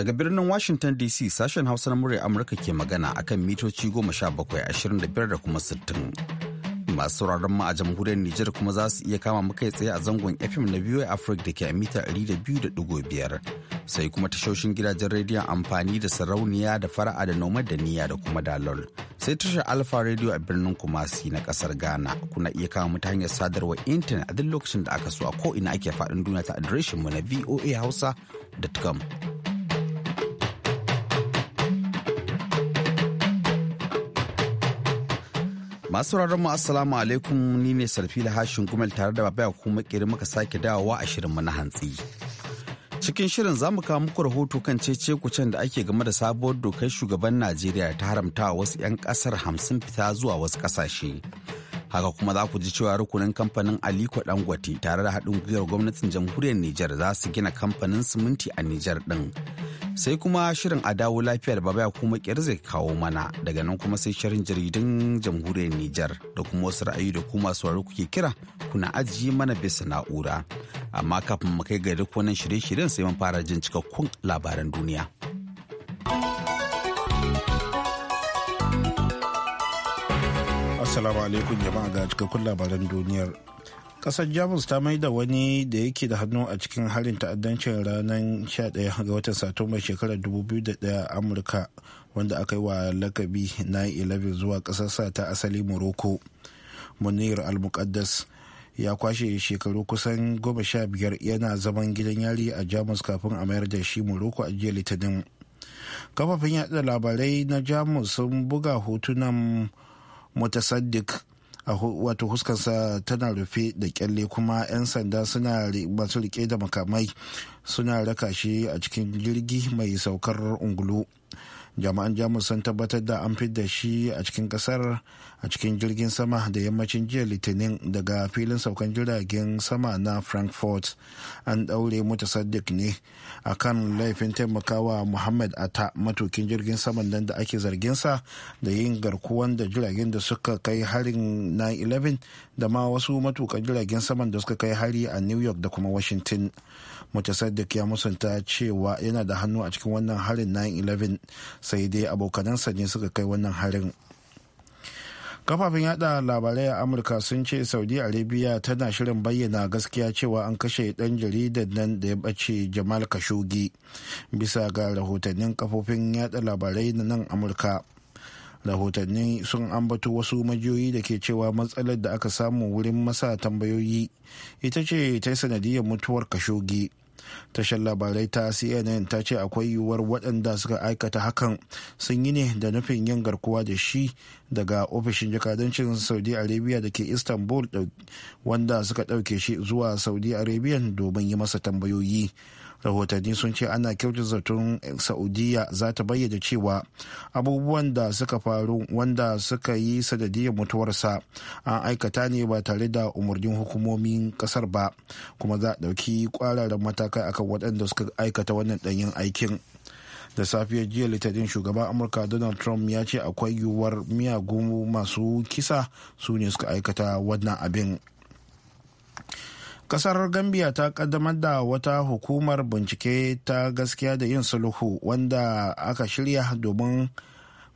Daga birnin Washington DC sashen Hausa na murya Amurka ke magana akan mitoci goma sha bakwai ashirin da biyar da kuma sittin. Masu sauraron mu a jamhuriyar Nijar kuma za su iya kama muka tsaye a zangon FM na VOA Africa da ke a mita 200.5 biyu da biyar. Sai kuma tashoshin gidajen rediyon amfani da sarauniya da fara'a da noma da niyya da kuma dalol. Sai tashar Alfa Radio a birnin Kumasi na kasar Ghana kuna iya kama mu ta hanyar sadarwar intanet a duk lokacin da aka so a ko ina ake faɗin duniya ta adireshin mu na voahausa.com. Masu mu Assalamu alaikum ni ne la Hashin Gumel tare da Babaya kuma makeri muka sake dawowa a shirinmu na hantsi. Cikin shirin za mu kawo muku rahoto kan cece kucen da ake game da sabuwar dokar shugaban Najeriya ta haramta wasu 'yan kasar hamsin fita zuwa wasu kasashe. Haka kuma za ku ji cewa rukunin kamfanin Aliko Dangote tare da haɗin gwiwar gwamnatin jamhuriyar Nijar za su gina kamfanin siminti a Nijar ɗin. sai kuma shirin a dawo lafiyar babaya kuma kyar zai kawo mana daga nan kuma sai shirin jaridun jamhuriyar Nijar da kuma wasu ra'ayi da kuma sauraro kuke kira kuna ajiye mana bisa na'ura amma kafin mu kai ga duk wannan shirye-shiryen sai mun fara jin cikakkun labaran duniya. Assalamu alaikum jama'a ga cikakkun labaran duniyar. kasar jamus ta mai da wani da yake da hannu a cikin harin ta'addancin ranar 11 ga watan satumba shekarar 2001 amurka wanda aka yi wa lakabi 9 11 zuwa kasarsa ta asali morocco munir al-muqaddas ya kwashe shekaru kusan goma sha biyar yana zaman gidan yari a jamus kafin a mayar da shi morocco a jiya litinin kafafin yada labarai na jamus sun buga hotunan mutasaddik wato huskarsa tana rufe da kyalle kuma 'yan sanda suna masu rike da makamai suna raka shi a cikin jirgi mai saukar ungulu jami'an jamus sun tabbatar da an fidda shi a cikin kasar a cikin jirgin sama da yammacin jiya litinin daga filin saukan jiragen sama na frankfurt an daure ɗaure sadiq ne a kan laifin taimakawa muhammad ata matukin jirgin saman nan da ake zarginsa da yin garkuwan da jiragen da suka kai harin 9-11 da ma wasu matukan jiragen saman da suka kai hari a new york da kuma washington mutasaddiq ya musanta cewa yana da hannu a cikin wannan harin 9-11 sai dai abokanansa ne suka kai wannan harin kafafen yada labarai a amurka sun ce saudi arabia tana shirin bayyana gaskiya cewa an kashe dan jaridar nan da ya bace jamal kashogi bisa ga rahotannin kafofin yada labarai na nan amurka rahotanni sun ambato wasu majiyoyi da ke cewa matsalar da aka samu wurin masa tambayoyi ita ce ta sanadiyar mutuwar kashogi tashar labarai ta cnn ta ce akwai yiwuwar waɗanda suka aikata hakan sun yi ne da nufin yin garkuwa da shi daga ofishin jakadancin saudi arabia da ke istanbul wanda suka ɗauke shi zuwa saudi arabia domin yi masa tambayoyi rahotanni sun ce ana kyautar zaton saudiya za ta bayyana cewa abubuwan da suka faru wanda suka yi sanadiyar mutuwarsa an aikata ne ba tare da umarnin hukumomin kasar ba kuma za a ɗauki kwararren matakai akan waɗanda suka aikata wannan ɗanyen aikin da safiyar jiya litinin shugaban amurka donald trump ya ce akwai yiwuwar miyagun masu kisa su ne suka aikata wannan abin kasar gambia ta kaddamar da wata hukumar bincike ta gaskiya da yin sulhu wanda aka shirya domin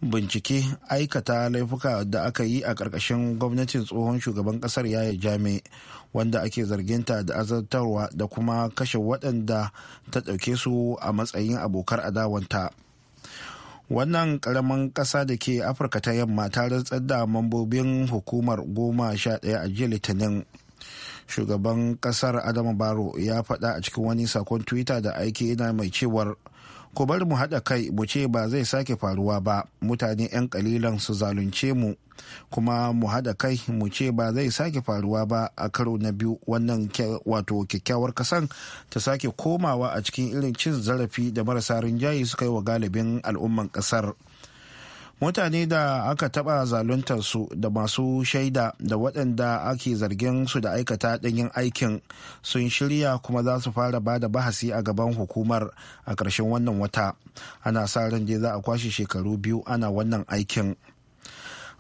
bincike aikata laifuka da aka yi a ƙarƙashin gwamnatin tsohon shugaban ƙasar yaya jami wanda ake zarginta da azartarwa da kuma kashe waɗanda ta ɗauke su a matsayin abokar adawanta wannan ƙaramin ƙasa da ke afirka ta yamma ta rantsar da mambobin hukumar goma sha ɗaya a jiya litinin shugaban kasar adamu baro ya faɗa a cikin wani sakon twitter da aiki yana mai cewar ku bari mu haɗa kai mu ce ba zai sake faruwa ba mutane 'yan kalilan su zalunce mu kuma mu haɗa kai mu ce ba zai sake faruwa ba a karo na biyu wannan wato kyakkyawar kasan ta sake komawa a cikin irin cin zarafi da marasa rinjaye suka yi wa galibin al'umman ƙasar. mutane da aka taɓa zaluntarsu da masu shaida da waɗanda ake zargin su da aikata ɗanyen aikin sun shirya kuma za su fara ba da bahasi a gaban hukumar a ƙarshen wannan wata ana sa ran je za a kwashe shekaru biyu ana wannan aikin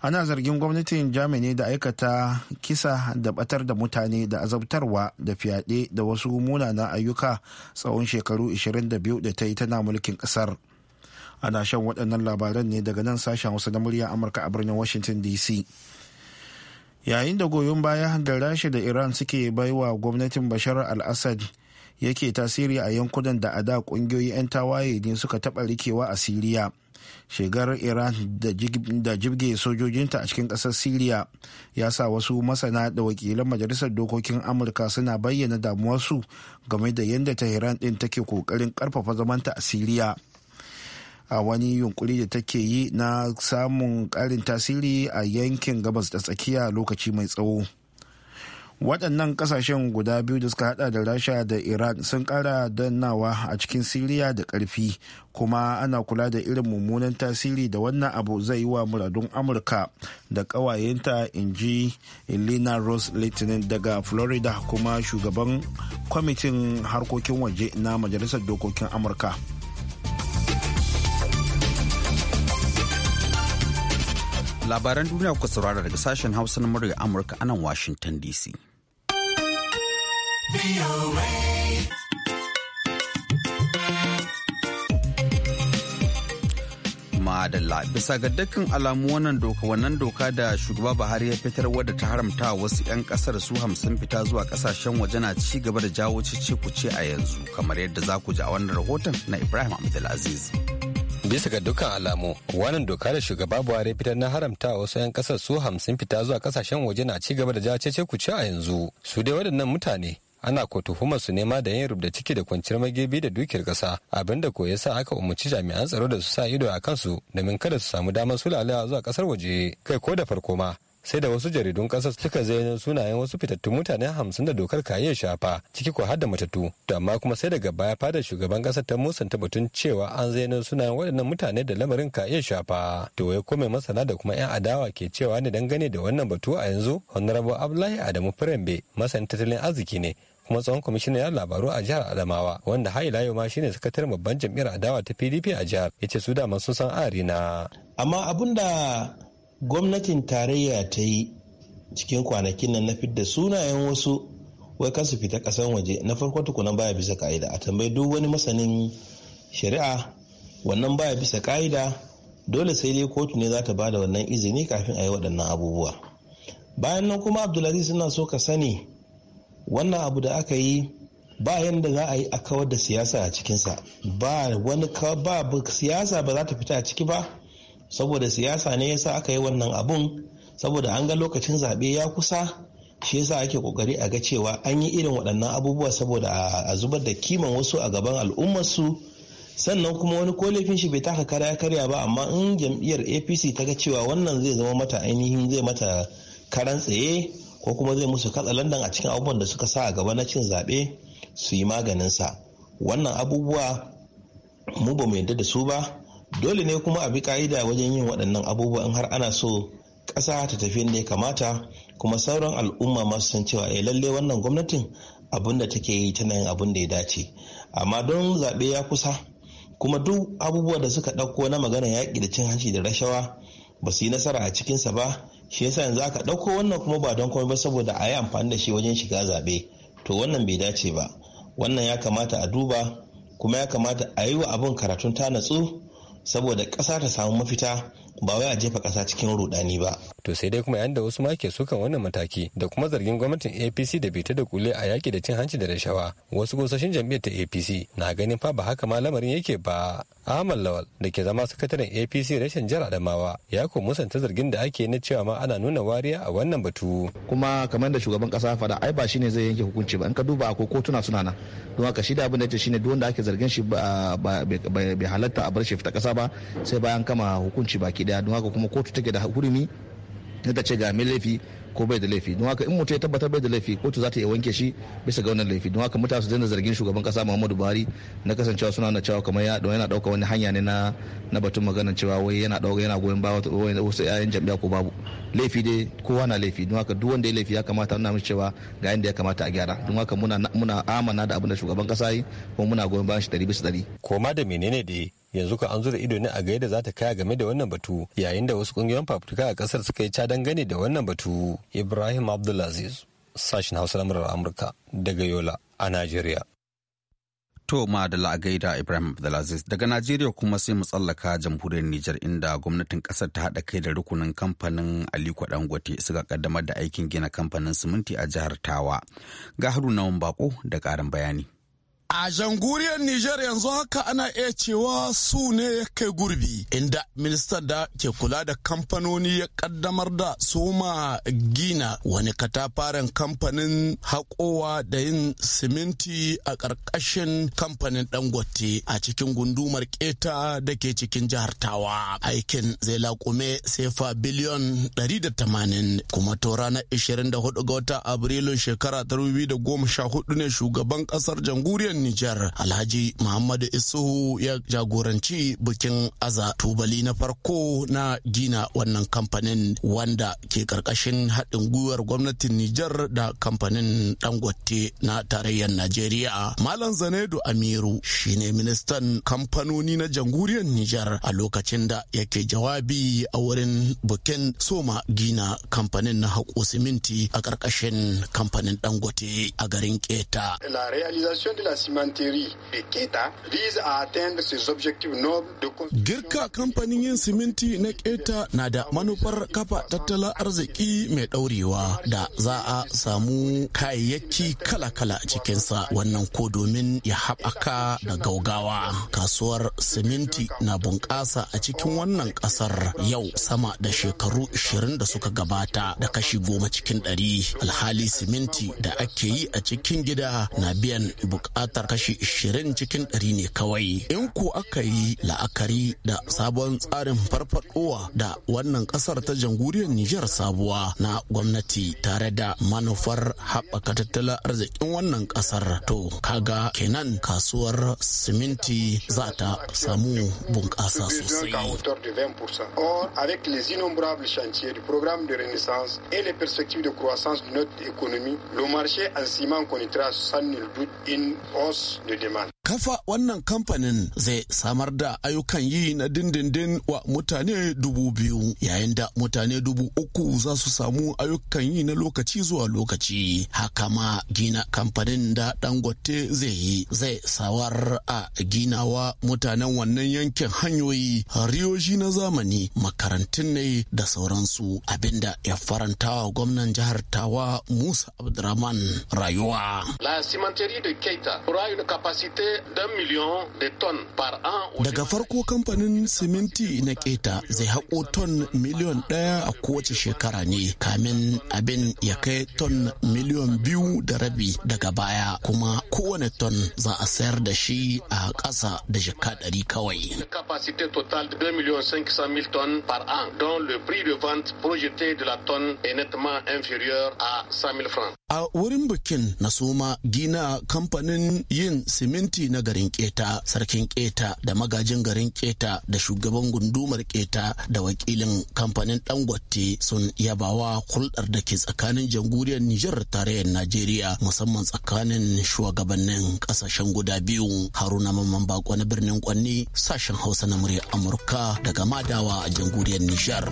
ana zargin gwamnatin germany da aikata kisa da batar da mutane da azabtarwa da fyaɗe da wasu munanan ayyuka tsawon shekaru 22 da ta yi tana mulkin ƙasar. ana shan waɗannan labaran ne daga nan sashen hausa na muryar amurka a birnin washington dc yayin da goyon baya da rasha da iran suke baiwa gwamnatin bashar al-assad yake tasiri a yankunan da a da kungiyoyi 'yan tawaye ne suka taɓa rikewa a siriya shigar iran da jibge sojojinta a cikin ƙasar siriya ya sa wasu masana da wakilan majalisar dokokin amurka suna bayyana damuwarsu game da yadda ta iran ɗin take ƙoƙarin ƙarfafa zamanta a siriya a wani yunkuri da take yi na samun ƙarin tasiri a yankin gabas da tsakiya lokaci mai tsawo waɗannan ƙasashen guda biyu da suka hada da rasha da iran sun ƙara dannawa a cikin siriya da ƙarfi kuma ana kula da irin mummunan tasiri da wannan abu zai yi wa muradun amurka da ƙawayenta in ji elena ross litinin daga florida kuma shugaban kwamitin harkokin waje na majalisar dokokin amurka Labaran duniya ku saurara daga sashen Hausa na murya Amurka anan Washington DC. Madalla bisa ga dukkan alamu wannan doka wannan doka da shugaba Buhari ya fitar wadda ta haramta wasu 'yan kasar su hamsin fita zuwa kasashen waje na ci gaba da jawo ku kuce a yanzu kamar yadda za ku ji a wannan rahoton na Ibrahim Abdulaziz. Aziz. bisa ga dukkan alamu wannan doka da shugaba buhari fitar na haramta wasu 'yan kasar su hamsin fita zuwa kasashen waje na ci gaba da ja ce ku ci a yanzu su dai waɗannan mutane ana ko tuhumar su nema da yin rubda ciki da kwanciyar magebi da dukiyar kasa abinda ko sa aka umarci jami'an tsaro da su sa ido a kansu domin kada su samu damar sulalewa zuwa kasar waje kai ko da farko ma sai da wasu jaridun kasa suka zai sunayen wasu fitattun mutane hamsin da dokar ka iya shafa ciki ko har da matattu to amma kuma sai daga baya fadar shugaban ƙasar ta musanta batun cewa an zayyano sunayen waɗannan mutane da lamarin ka iya shafa to wai mai masana da kuma 'yan adawa ke cewa ne dangane da wannan batu a yanzu honorable abdullahi adamu firambe masan tattalin arziki ne kuma tsohon kwamishinan yan labaru a jihar adamawa wanda hayi layo yau ma shine sakataren babban jam'iyyar adawa ta pdp a jihar ya ce su dama sun san ari na amma abun da gwamnatin tarayya ta yi cikin kwanakin nan na fidda sunayen wasu wai kan su fita kasan waje na farko tukuna baya bisa ka'ida a tambayi duk wani masanin shari'a wannan baya bisa ka'ida dole sai dai kotu ne za ta bada wannan izini kafin a yi waɗannan abubuwa bayan nan kuma abdulaziz suna so ka sani wannan abu da aka yi ba yadda za a yi a kawar da siyasa a cikinsa ba wani ba siyasa ba za ta fita a ciki ba saboda siyasa ne yasa aka yi wannan abun saboda an ga lokacin zaɓe ya kusa shi yasa ake kokari a ga cewa an yi irin waɗannan abubuwa saboda a zubar da kiman wasu a gaban al'ummarsu sannan kuma wani kolefin shi bai taka kara ya karya ba amma in jam'iyyar apc ta ga cewa wannan zai zama mata ainihin zai mata karan tsaye ko kuma zai musu katsalandan a cikin abubuwan da suka sa a gaba na cin zaɓe su yi maganinsa wannan abubuwa mu ba mu yadda da su ba dole ne kuma a bi ka'ida wajen yin waɗannan abubuwa in har ana so ƙasa ta tafi yadda ya kamata kuma sauran al'umma masu san cewa eh lalle wannan gwamnatin abin da take yi tana yin abin da ya dace amma don zaɓe ya kusa kuma duk abubuwa da suka ɗauko na maganar yaƙi da cin hanci da rashawa ba su yi nasara a cikinsa ba shi yasa yanzu aka ɗauko wannan kuma ba don komai ba saboda a yi amfani da shi wajen shiga zaɓe to wannan bai dace ba wannan ya kamata a duba kuma ya kamata a yi wa abin karatun ta natsu saboda ƙasa ta samu mafita ba wai a jefa ƙasa cikin rudani ba to sai dai kuma yan da wasu ma ke sukan wannan mataki da kuma zargin gwamnatin apc da bai da kule a yaki da cin hanci da rashawa wasu gosashin jam'iyyar ta apc na ganin fa ba haka ma lamarin yake ba ahmad lawal da ke zama sakataren apc rashin jar adamawa ya ko musanta zargin da ake na cewa ma ana nuna wariya a wannan batu kuma kamar da shugaban kasa faɗa ai ba shine zai yanke hukunci ba in ka duba ko kotuna suna nan don haka shi da abin da yake shine duk wanda ake zargin shi bai halatta a bar shi fita kasa ba sai bayan kama hukunci baki daya don haka kuma kotu take da hurumi ta ta ce ga mai laifi ko bai da laifi don haka in mutum ya tabbatar bai da laifi kotu za ta iya wanke shi bisa ga wannan laifi don haka mutane su daina zargin shugaban kasa muhammadu buhari na kasancewa suna na cewa kamar ya yana dauka wani hanya ne na na batun magana cewa wai yana dauka yana goyon ba wasu yayan jam'iyya ko babu laifi dai kowa na laifi don haka duk wanda ya laifi ya kamata nuna mishi cewa ga yanda ya kamata a gyara don haka muna muna amana da abin da shugaban kasa yi kuma muna goyon bayan shi dari bisa ko koma da menene dai yanzu ka an zura ido ne a ga yadda za ta kaya game da wannan batu yayin da wasu kungiyoyin fafutuka a kasar suka yi cadan gane da wannan batu ibrahim abdulaziz sashen hausa lamurar amurka daga yola a najeriya To ma a la'agaida Ibrahim Abdulaziz daga Najeriya kuma sai mu tsallaka jamhuriyar Nijar inda gwamnatin kasar ta haɗa kai da rukunin kamfanin Aliko Dangote suka kaddamar da aikin gina kamfanin siminti a jihar Tawa. Ga Haruna Bako da ƙarin bayani. A janguriyar Nijar yanzu haka ana iya cewa su ne ya kai gurbi inda Minista da ke kula da kamfanoni ya kaddamar da soma gina wani katafaren kamfanin haƙowa da yin siminti a ƙarƙashin kamfanin dangote a cikin gundumar keta da ke cikin jihar tawa aikin zai laƙume sefa biliyon 180 kuma to ranar 24 ga wata abrilun shekara 2014 ne shugaban ƙasar jamhuriyar Nijar Alhaji Muhammadu Isuhu ya jagoranci bikin aza tubali na farko na gina wannan kamfanin wanda ke karkashin haɗin gwiwar gwamnatin Nijar da kamfanin Dangote na tarayyar Najeriya. Malam Zanedo Amiru shine ministan kamfanoni na jamhuriyar Nijar a lokacin da yake jawabi a wurin bikin soma gina kamfanin na haƙo siminti a karkashin kamfanin Dangote a garin Keta. La cimenterie de Keta vise à atteindre ses objectifs nobles de construction. Girka kamfanin yin siminti na Keta na da manufar kafa tattalin arziki mai ɗaurewa da za a samu kayayyaki kala-kala a cikinsa wannan ko domin ya haɓaka da gaugawa. Kasuwar siminti na bunƙasa a cikin wannan ƙasar yau sama da shekaru 20 da suka gabata da kashi goma cikin ɗari alhali siminti da ake yi a cikin gida na biyan buƙatar fuskantar kashi 20 cikin 100 ne kawai in ku aka yi la'akari da sabon tsarin farfadowa da wannan kasar ta jamhuriyar Nijar sabuwa na gwamnati tare da manufar haɓaka tattalin arzikin wannan kasar to kaga kenan kasuwar siminti za ta samu bunƙasa sosai. de le marché en ciment connaîtra sans nul doute une réponse de demande. Kafa wannan kamfanin zai samar da ayyukan yi na dindindin wa mutane dubu biyu yayin da mutane dubu uku za su samu ayyukan yi na lokaci zuwa lokaci. Haka ma gina kamfanin da dangote zai yi zai sawar a ginawa mutanen wannan yankin hanyoyi riyoji na zamani makarantun ne da sauransu abinda ya faranta wa gwamnan jihar Tawa Musa Abdurrahman rayuwa. La cimenterie de Keita aura capacité d'un million de tonnes par an. Daga farko kamfanin siminti na keta zai haƙo ton miliyon ɗaya a kowace shekara ne kamin abin ya kai ton miliyon biyu da rabi daga baya kuma kowane ton za a sayar da shi a ƙasa da jika ɗari kawai. Capacité total de 2 millions 500 000 tonnes par an, dont le prix de vente projeté de la tonne est nettement inférieur à 100 000 francs. A wurin bikin na soma gina kamfanin yin siminti na garin keta sarkin keta da magajin garin keta da shugaban gundumar keta da wakilin kamfanin dangote sun yabawa hulɗar da ke tsakanin jamhuriyar nijar tarayyar najeriya musamman tsakanin shugabannin kasashen guda biyu haruna mamman bako na birnin kwanni sashen hausa na murya amurka daga madawa a jamhuriyar nijar.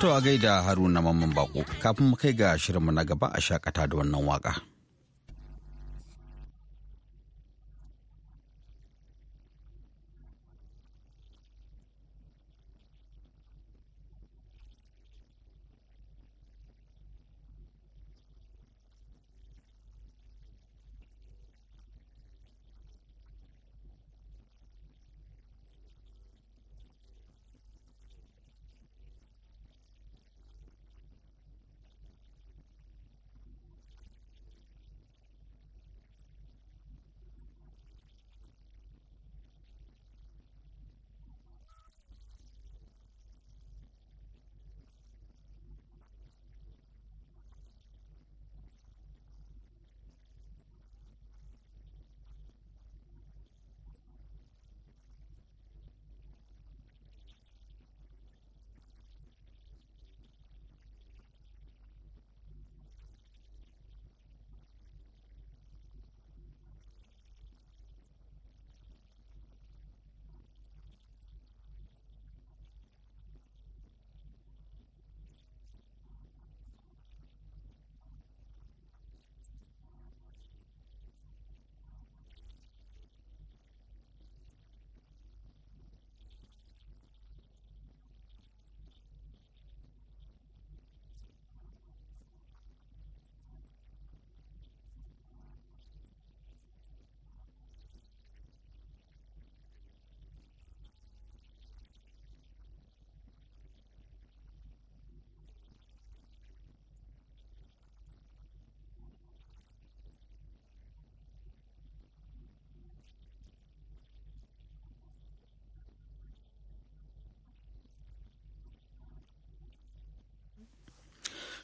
To a gaida Haruna Mamman Bako kafin mu kai ga shirinmu na gaba a shakata da wannan waka.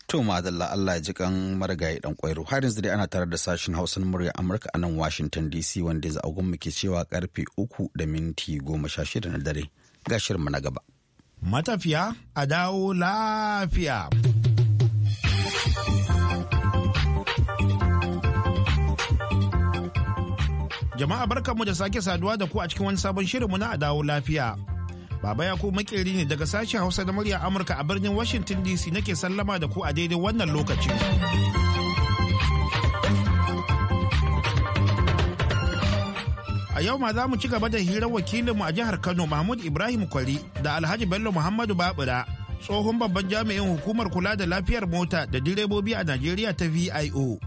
To madalla Allah ji kan marigayi dan kwairo har yanzu dai ana tare da sashen Hausa na murya Amurka a nan Washington DC wanda za agun muke cewa karfe uku da minti goma sha shida na dare ga mu na gaba. Matafiya a dawo lafiya. Jama'a barkanmu da sake saduwa da ku a cikin wani sabon shirinmu na a dawo lafiya. Baba Yakubu makeri ne daga sashen Hausa da murya Amurka a birnin Washington DC nake sallama da ku a daidai wannan lokacin. A yau ma za mu ci gaba da hirar wakilinmu a jihar Kano Mahmud Ibrahim Kwari da Alhaji Bello Muhammadu Babura tsohon babban jami'in hukumar kula da lafiyar mota da direbobi a Najeriya ta VIO.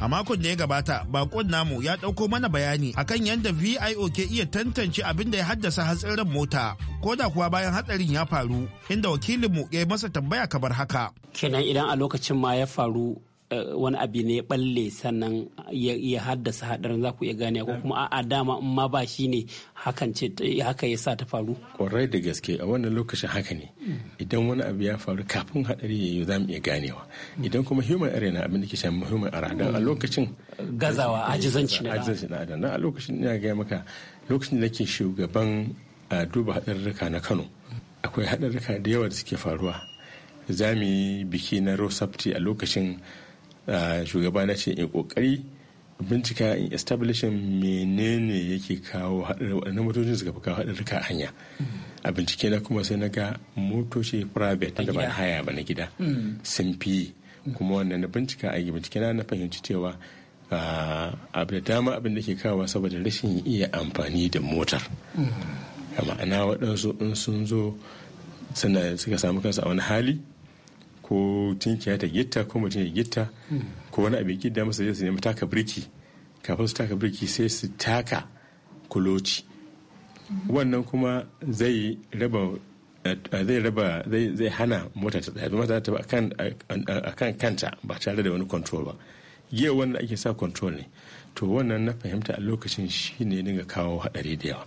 A makon da ya gabata, bakon namu ya ɗauko mana bayani akan yadda VIO ke iya tantance abin da ya haddasa hatsarin mota, ko da kuwa bayan hatsarin ya faru, inda wakilinmu ya yi masa tambaya kamar haka. Kenan idan a lokacin ma ya faru Eh, wani abu ne ya balle sannan ya haddasa hadarin za ku iya gane ko kuma a dama in ma ba shi ne hakan ce haka ya sa ta faru kwarai da gaske a wannan lokacin haka ne idan wani abu ya faru kafin hadari ya yi za mu iya ganewa idan kuma human error na abin da ke shan human error dan a lokacin gazawa ajizanci na ajizanci na adana a lokacin ina gaya maka lokacin da ke shugaban duba hadarurruka na Kano akwai hadarurruka da yawa da suke faruwa za mu yi biki na Rosafti a lokacin shugaba na ce in kokari bincika in establishing menene yake kawo waɗannan motocin suka fi kawo haɗarurruka hanya a bincike na kuma sai na ga motoci private da ba haya ba na gida hmm. sun fi kuma wannan na bincika a bincike na na fahimci cewa abu da dama abin da ke kawo saboda rashin iya amfani da motar hmm. ma'ana waɗansu in sun zo suna suka samu kansu a wani hali ko tinki ta gitta ko mutum ya gitta ko wani abin gidda masa zai su nemi taka birki kafin su taka birki sai su taka kuloci wannan kuma zai raba zai raba zai hana mota ta tsaye mota ta akan kanta ba tare da wani control ba giya wanda ake sa control ne to wannan na fahimta a lokacin shi ne dinga kawo hadari da yawa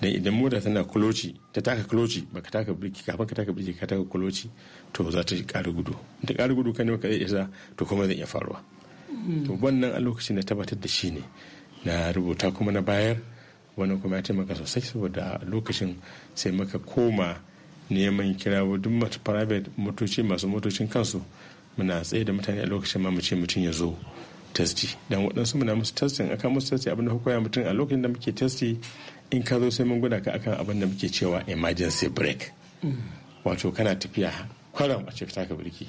da idan mota tana kuloci ta taka kuloci baka taka birki kafin ka taka birki ka taka kuloci to za ta ƙara gudu ta ƙara gudu ka ne ka zai isa to kuma zai iya faruwa to wannan a lokacin na tabbatar da shi ne na rubuta kuma na bayar wannan kuma ya taimaka sosai saboda a lokacin sai maka koma neman kirawo duk mata private motoci masu motocin kansu muna tsaye da mutane a lokacin ma mutum ya zo testi dan waɗansu muna musu a aka musu testi abinda da ka koya mutum a lokacin da muke testi in ka zo sai mun gwada ka akan abin da muke cewa emergency break wato kana tafiya kwaram a ce ka taka birki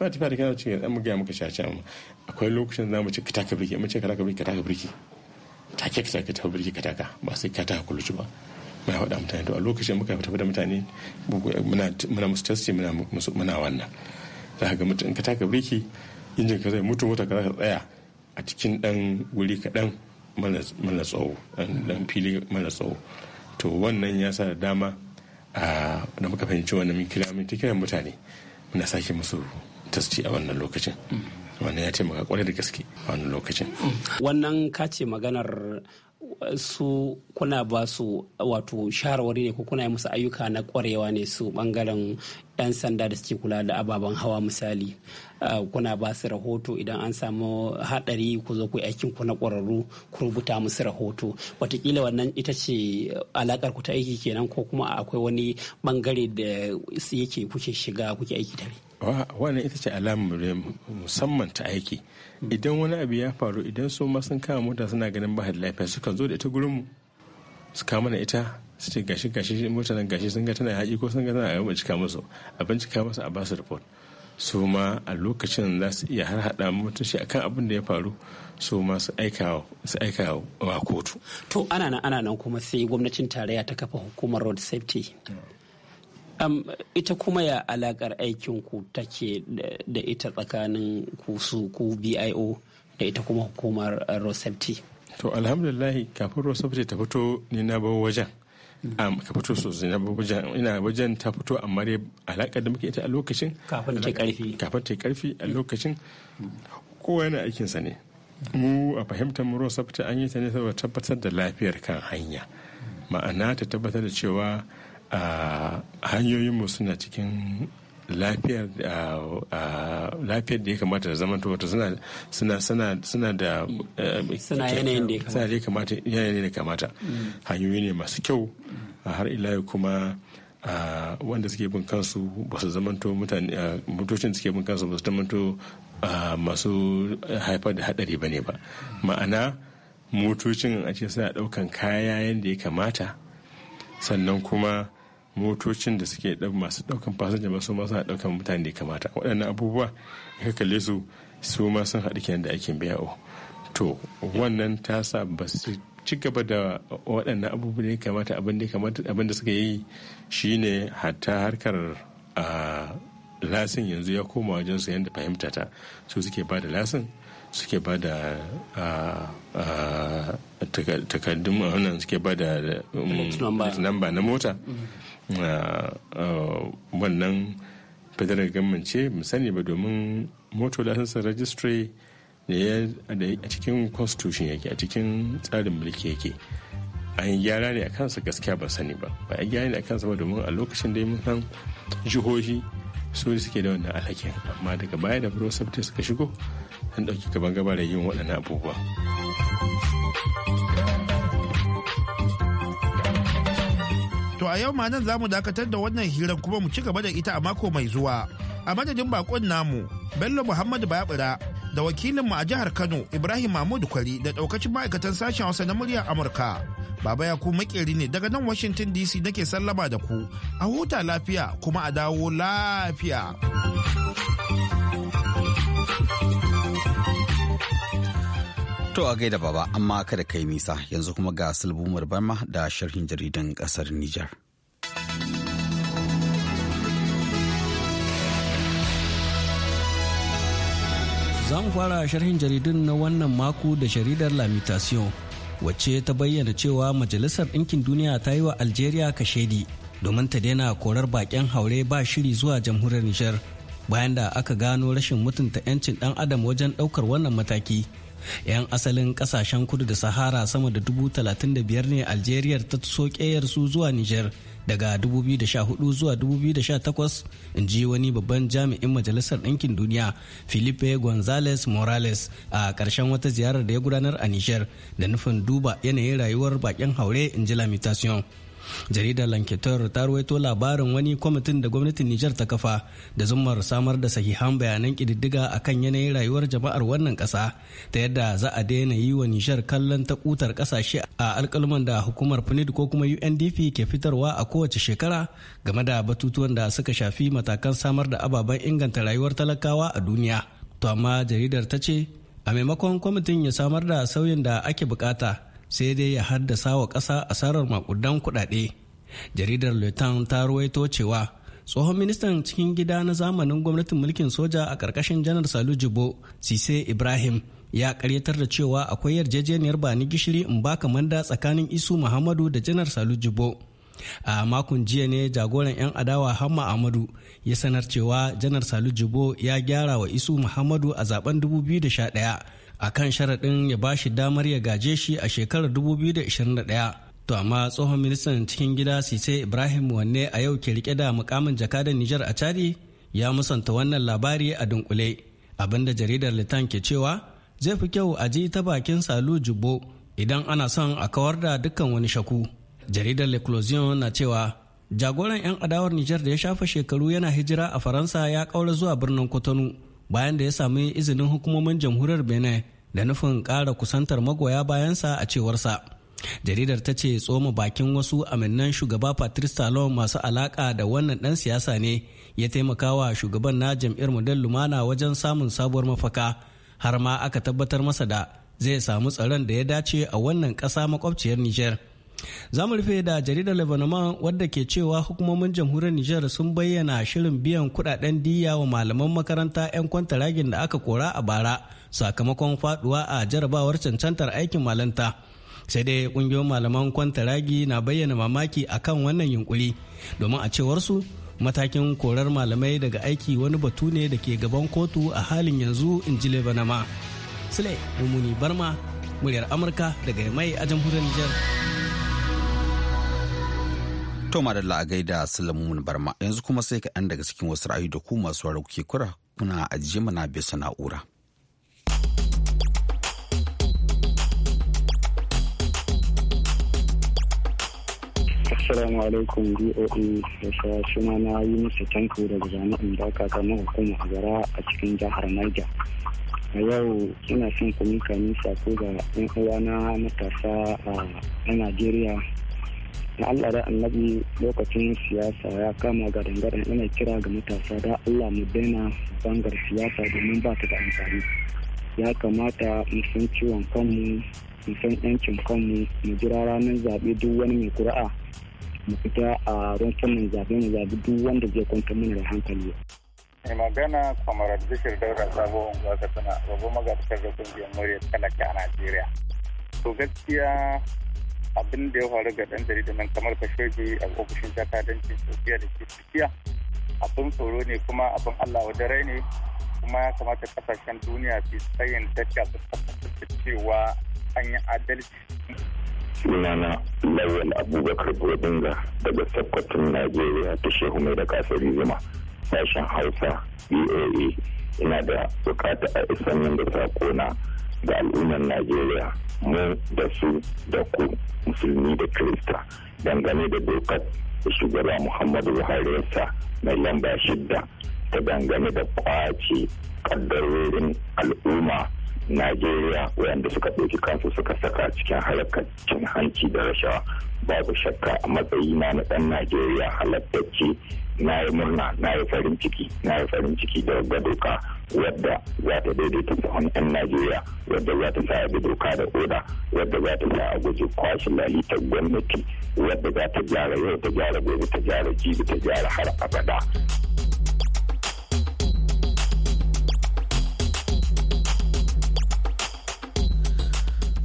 ba tafiya da kana cikin an gaya muka shace amma akwai lokacin da mu ce ka taka birki mu ce ka taka birki ka taka birki take ka taka birki ka taka ba sai ka taka kuluci ba muna faɗa mutane to a lokacin muka fita da mutane muna musu testi muna wannan zaka ga mutum in ka taka birki injin ka zai mutu mota ka za ka tsaya a cikin ɗan wuri kaɗan mana tsawo ɗan fili mana tsawo to wannan ya sa da dama da muka fahimci wannan min kira min kira mutane muna sake musu tasci a wannan lokacin wannan ya taimaka kwarai da gaske a wannan lokacin wannan ka maganar eh, su kuna ba su wato shawarwari ne ko kuna yi musu ayyuka na kwarewa ne su bangaren 'yan sanda da suke kula da ababen hawa misali kuna ba su rahoto idan an samu haɗari ku zo ku aikin ku na ƙwararru ku rubuta musu rahoto watakila wannan ita ce alakar ku ta aiki kenan ko kuma akwai wani bangare da yake kuke shiga kuke aiki tare wannan ita ce alamar musamman ta aiki idan wani abu ya faru idan su ma sun kama mota suna ganin ba lafiya sukan zo da ita gurin mu su kama mana ita su ce gashi gashi mutanen gashi sun ga tana haƙi ko sun ga tana a bincika musu a bincika musu a basu report su ma a lokacin za su iya har haɗa mutunci kan abin da ya faru su ma su aika wa kotu. To ana nan ana nan kuma sai gwamnatin tarayya ta kafa hukumar road safety. Um, ita kuma ya alakar aikin ku take da ita tsakanin ku su ku BIO da ita kuma hukumar road safety. To alhamdulillah kafin road safety ta fito ni na bawa wajen. ka fito sosai ina wajen ta fito amma dai alaƙa da muke ita a lokacin kafin ta yi karfi a lokacin kowa yana aikinsa ne mu a fahimtar mu ruwan tsafta an yi ta ne saboda tabbatar da lafiyar kan hanya ma'ana ta tabbatar da cewa ah, hanyoyinmu suna cikin lafiyar da ya kamata da zaman to suna suna da eh, suna yanayin da ya kamata yanayin da kamata mm. hanyoyi ne masu kyau har ila kuma wanda suke bin kansu ba su zamanto mutane mutocin suke bin kansu ba su zamanto masu haifar da hadari ba ne ba ma'ana mutocin a ce suna daukan kaya yadda ya kamata sannan kuma motocin da suke da masu daukan fasinja masu masu a daukan mutane da kamata waɗannan abubuwa ka kalle su su ma sun haɗu kenan da aikin BIO to wannan ta sa ba su ci gaba da waɗannan abubuwa da ya kamata abin da kamata abin da suka yi shine hatta harkar lasin yanzu ya koma wajen su yadda fahimta ta su suke ba da lasin suke ba da takardun wannan suke ba da mm, namba na mota mm-hmm. Eh, eh, wannan fitar da ce mu sani ba domin motor license registry ne a cikin constitution yake a cikin tsarin mulki yake an yi gyara ne a kansa gaskiya ba sani ba ba a gyara ne a kansa ba domin a lokacin da mun san jihohi su suke da wannan alhakin amma daga baya da prosecutors suka shigo an ɗauki gaban gaba da yin waɗannan abubuwa a yau ma nan za mu dakatar da wannan hirar kuma mu ci gaba da ita a mako mai zuwa. A madadin bakon namu, Bello Muhammad Babura da wakilinmu a jihar Kano Ibrahim Mahmud Kwari da daukacin ma'aikatan sashen Hausa na muryar Amurka. Baba ya ku makeri ne daga nan Washington DC nake sallama da ku. A huta lafiya kuma a dawo lafiya. To a gaida baba amma kada kai nisa yanzu kuma ga sulbumar barma da sharhin jaridan kasar Nijar. Zan fara sharhin jaridun na wannan mako da jaridar Lamitation wacce ta bayyana cewa Majalisar Ɗinkin Duniya ta yi wa Algeria kashedi domin ta daina korar bakin haure ba shiri zuwa jamhuriyar Nijar bayan da aka gano rashin mutunta 'yancin ɗan adam wajen ɗaukar wannan mataki. 'yan asalin kasashen kudu da sahara sama da dubu talatin da biyar ne algeria ta soƙeyar su zuwa niger daga 2014 zuwa 2018 in ji wani babban jami'in majalisar ɗinkin duniya felipe gonzalez morales a ƙarshen wata ziyarar da ya gudanar a niger da nufin duba yanayin rayuwar baƙin haure in ji lamitation jaridar lanketer ta ruwaito labarin wani kwamitin da gwamnatin nijar ta kafa da zummar samar da sahihan bayanan kididdiga a kan yanayin rayuwar jama'ar wannan ƙasa ta yadda za a daina yi wa nijar kallon ta kutar ƙasashe a alkalman da hukumar pnid ko kuma undp ke fitarwa a kowace shekara game da batutuwan da suka shafi matakan samar da ababen inganta rayuwar talakawa a duniya to amma jaridar ta ce a maimakon kwamitin ya samar da sauyin da ake bukata sai dai ya haddasa wa ƙasa asarar makudan kuɗaɗe. Jaridar Lutan ta ruwaito cewa tsohon ministan cikin gida na zamanin gwamnatin mulkin soja a ƙarƙashin janar Salu Jibo, Sise Ibrahim, ya karyatar da cewa akwai yarjejeniyar bani gishiri in baka manda tsakanin Isu Muhammadu da janar Salu Jibo. a makon jiya ne jagoran 'yan adawa hamma amadu ya sanar cewa janar salu jibo ya gyara wa isu muhammadu a zaben 2011 a kan sharaɗin ya ba shi damar ya gaje shi a shekarar 2021 to amma tsohon ministan cikin gida sise ibrahim wanne a yau ke rike da mukamin jakadan nijar a cari ya musanta wannan labari a dunkule abinda jaridar litan ke cewa zai fi kyau a ji ta bakin salu jubbo idan ana son a kawar da dukkan wani shaku jaridar l'eclosion na cewa jagoran 'yan adawar nijar da ya shafa shekaru yana hijira a faransa ya kaura zuwa birnin kotonu bayan da ya sami izinin hukumomin jamhuriyar benin da nufin ƙara kusantar magoya bayansa a cewarsa jaridar ta ce tsoma bakin wasu aminnan shugaba patrice talon masu alaka da wannan ɗan siyasa ne ya taimaka wa shugaban na jam'iyyar model lumana wajen samun sabuwar mafaka har ma aka tabbatar masa da zai samu tsaron da ya dace a wannan ƙasa makwabciyar niger za mu rufe da jaridar lebanon wadda ke cewa hukumomin jamhuriyar nijar sun bayyana shirin biyan kudaden diya wa malaman makaranta 'yan kwantaragin da aka kora a bara sakamakon faduwa a jarabawar cancantar aikin malanta sai dai kungiyoyin malaman kwantaragi na bayyana mamaki a kan wannan yunkuri domin a cewarsu matakin korar malamai daga aiki wani batu ne da ke gaban kotu a halin yanzu in ji lebanon sule mummuni barma muryar amurka daga mai a jamhuriyar nijar To madalla a gaida Sulaimun Barma yanzu kuma sai ka ɗan daga cikin wasu ra'ayi da ku masu warau ke kura kuna ajiye mana bisa na'ura. Assalamu alaikum DOE da suna na yi musu tanko daga jami'in da aka kama hukuma a gara a cikin jihar Niger. a yau ina son kuma nisa sako ga 'yan uwa na matasa a Najeriya na Allah da annabi lokacin siyasa ya kama ga ina kira ga matasa da Allah mu daina bangar siyasa domin ba ta da amfani ya kamata mu san ciwon kanmu mu san yancin kanmu mu jira ranar zabe duk wani mai kuri'a mu fita a rumfunan zaɓe mu zaɓi duk wanda zai kwanta mana da hankali. mai magana kwamar bishir daura sabo unguwa katsina rabu magabatar da kungiyar murya talaka a najeriya to gaskiya abin da ya faru ga ɗan jarida nan kamar kashoji a ofishin jakadancin sofiya da ke turkiya abin tsoro ne kuma abin allah wa dare ne kuma ya kamata kasashen duniya su tsayin tafiya su tabbatar da cewa an yi adalci sunana lawal abubakar bodinga daga sakkwatin najeriya ta shehu mai da kasar zuma sashen hausa uaa ina da bukata a isan nan da sako da al'ummar najeriya mu da su da ku musulmi da kirista dangane da dokar da shugaba muhammadu buhari yasa mai lamba shidda ta dangane da kwace ƙaddarorin al'umma najeriya wanda suka ɗauki kansu suka saka cikin halakar hanci da rashawa babu shakka a matsayina na ɗan najeriya halattacce na yi murna na yi farin ciki na yi farin ciki da wadda doka wadda za ta daidaita sahun ɗan najeriya wadda za ta sa a bi doka da oda wadda za ta sa a guji kwashe lalitar gwamnati wadda za ta gyara yau ta gyara gobe ta gyara jibi ta gyara har abada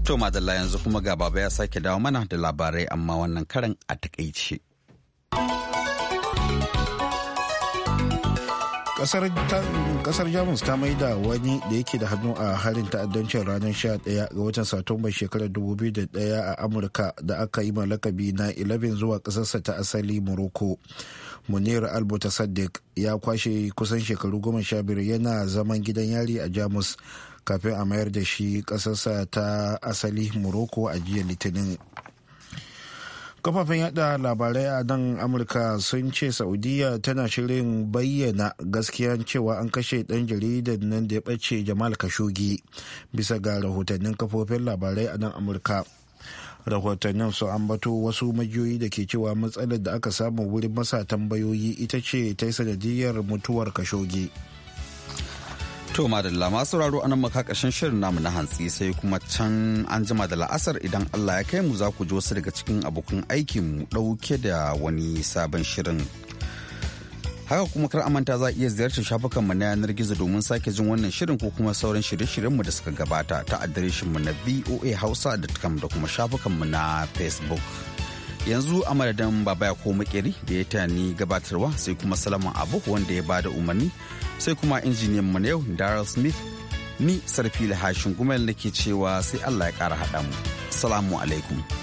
To madalla yanzu kuma ga baba ya sake dawo mana da labarai amma wannan karan a takaice. kasar jamus ta da wani da yake da hannu a harin ta'addancin ranar 11 ga watan satumba shekarar 2001 a amurka da aka yi lakabi na 11 zuwa kasarsa ta asali morocco munir albuta saddiq ya kwashe kusan shekaru goma sha 15 yana zaman gidan yari a jamus kafin a mayar da shi ƙasarsa ta asali morocco a jiya litinin kafafen yada labarai a nan amurka sun ce saudiya tana shirin bayyana gaskiya cewa an kashe dan jaridar nan da ya ɓace jamal kashogi bisa ga rahotannin kafofin labarai a nan amurka rahotannin su an bato wasu majiyoyi da ke cewa matsalar da aka samu wurin masa tambayoyi ita ce ta yi sanadiyar mutuwar kashogi. To madalla masu sauraro anan maka ƙarshen shirin namu na hantsi sai kuma can an jima da la'asar idan Allah ya kai mu za ku ji wasu daga cikin abokan aikin mu dauke da wani sabon shirin. Haka kuma kar amanta za a iya ziyartar shafukan mu na yanar gizo domin sake jin wannan shirin ko kuma sauran shirye-shiryen mu da suka gabata ta adireshin mu na voahausa.com da kuma shafukan mu na Facebook. yanzu a madadin baba ya koma kiri da ya tani gabatarwa sai kuma salama abu wanda ya bada umarni sai kuma injiniyan mu yau daryl smith ni sarfi hashin gumel nake cewa sai allah ya kara haɗa mu salamu alaikum